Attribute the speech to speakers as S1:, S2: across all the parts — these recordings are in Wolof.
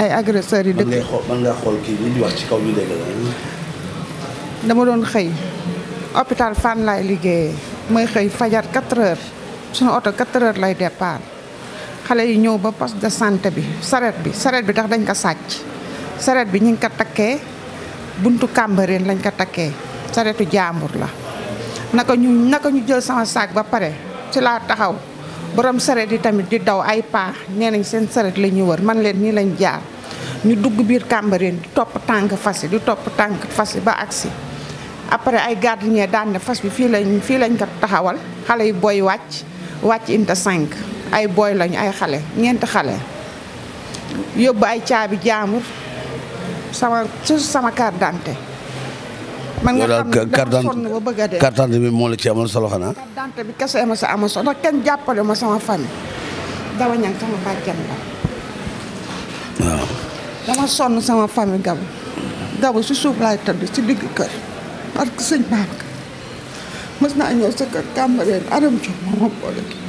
S1: ay agresseurs yi
S2: dëkk man ngaa xool kii bi ñu wax ci kaw
S1: dama doon xëy hôpital Fann laay liggéeyee mooy xëy fajar 4 heures suñu oto 4 heures lay départ xale yi ñëw ba poste de santé bi saret bi saret bi tax dañ ko sàcc saret bi ñu ngi ko takkee buntu Cambérène lañ ko takkee saretu jaambur la naka ñu naka ñu jël sama sac ba pare ci laa taxaw borom sareet di tamit di daw ay pa nee sen seen sareet la wër man leen ni lañ jaar ñu dugg biir Cambérène di top tank fasé di top tank fasé ba aksi après ay gardien daan na fas bi fi lañ fi lañ ko taxawal xalé yu booy wacc wàcc inte cinq ay boy lañ ay xalé ñent xalé yóbbu ay caabi jaamur sama sama carte d'identité
S2: man nga xam ne daal sonn ba bëgg a dee bi moo la ci amoon solo xanaa. carte
S1: d'identité bi kese ma sa amoon ndax kenn jàppale ma sama famille. dama ñaan sama sonn sama famille gabu gabu si suuf laay tëdd si digg kër. parce que sëñ Babacar mës naa ñëw sa kër Kambalène Aram Diop moo ma
S2: boole.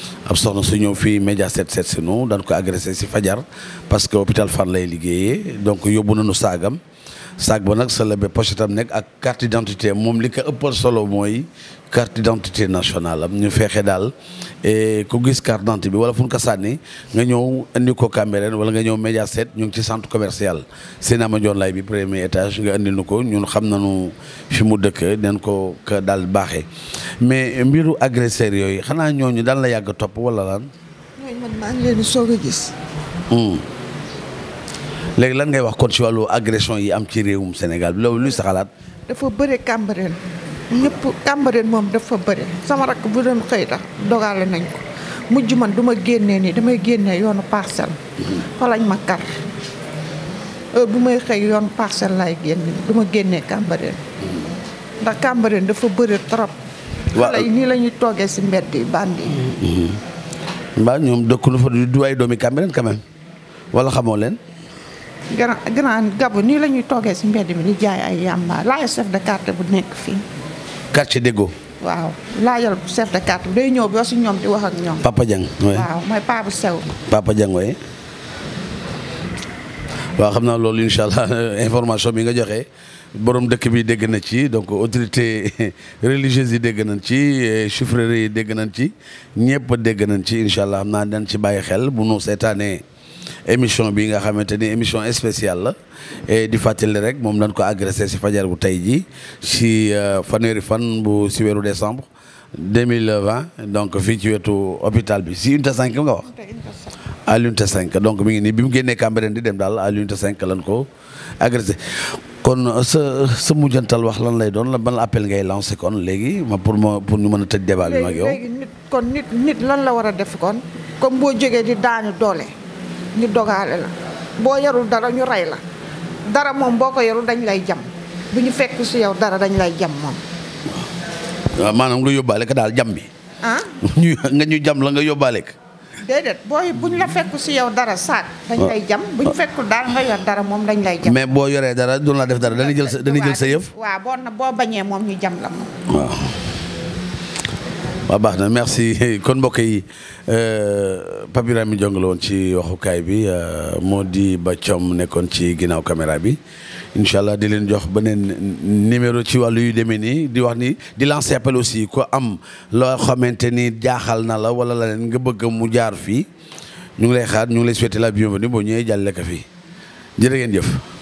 S2: ab soxna su ñëw fii média set set si nu daan ko agressé si fajar parce que hôpital fan lay liggéeyee donc yóbbu na nañu saagam sac ba nag sa lebe pochette am nekk ak carte d'identité moom li ko ëppal solo mooy carte d'identité nationale am ñu fexe daal eh, ku gis carte d'identité bi wala fu ko sànni nga ñëw indi ko Cambérène wala nga ñëw Média set ñu ngi ci centre commercial Sénégal ma joon lay bi premier étage nga indi nu ko ñun xam nañu fi mu dëkk neen ko ka daal baaxee mais mbiru agresseur yooyu xanaa ñooñu daal la yàgg topp wala lan. ñooñu man gis. Hmm. léegi lan ngay wax kon ci wàllu agression yi am ci réewum Sénégal loolu luy sa xalaat.
S1: dafa bëre Cambérène ñëpp Cambérène moom dafa bëre sama rakk bu doon xëy la dogale nañ ko mujj man duma ma génnee nii damay génnee yoonu parcelle mhm. fa ma kar bu may xëy yoonu parcel laay génne du ma génnee Cambérène mhm. ndax Cambérène dafa bëre trop. waaw xale yi nii la toogee si mbedd yi bànd
S2: yi. Mhm. mbaa ñoom dëkk lu fa du ay doomi Cambérène quand même xamoo leen.
S1: grand grand gabu nii la ñuy toogee si mbedd mi di jaay ay yàmba laajal chef de quartier bu nekk fii. quartier Déggo. waaw laajal chef de quartier bu day ñëw ba si ñoom di wax ak ñoom.
S2: Papa jang oui
S1: mooy Paa bu sew.
S2: Papa Dieng oui. waaw xam naa loolu incha allah information bi nga joxe borom dëkk bi dégg na ci donc autorité religieuse yi dégg nañ ci chiffrerie eh, yi dégg nañ ci ñëpp dégg nañ ci incha allah xam naa dañ ci bàyyi xel bu nu seetaanee. émission bi nga xamante ni émission spéciale la et di fàttali rek moom lañ ko agressé si fajar bu tey ji si euh, fanweeri fan bu si weeru décembre 2020 donc fii ci wetu hôpital bi si unité 5 nga wax. à l'unité 5 donc mi ngi nii bi mu génnee Cambérène di dem daal à l'unité 5 lañ ko agressé. kon sa sa mujjantal wax lan lay doon la ban appel ngay lancé kon léegi ma pour ma pour ñu mën a tëj débat bi. ak yow nit
S1: kon nit def ñu dogaale la boo yarul dara ñu rey la dara moom boo ko yarul dañ lay jam bu ñu fekk si yow dara dañ lay jam moom.
S2: maanaam lu yóbbaale ko daal jam bi. ah nga ñu jam la nga yóbbaale ko.
S1: déedéet bu ñu la fekk si yow dara saak. dañ lay jam bu ñu fekkul daal nga yor dara moom dañ lay
S2: jam. mais boo yoree dara du la def dara dañuy jël sa dañuy jël sa yëf.
S1: waa boo na boo bañee moom ñu jam la
S2: moom. waaw baax na merci kon mbokk yi euh, Pape Birame Diong la woon ci waxukaay bi euh, moo di ba coom nekkoon ci ginnaaw caméra bi incha allah di leen jox beneen numéro ci wàllu yu demee nii di wax ni di lancer appel aussi ko am loo xamante ni jaaxal na la wala la leen nga bëgg mu jaar fii ñu ngi lay xaar ñu ngi lay souhaiter la bienvenue boo ñëwee jàlle ka fii jërë ngeen jëf.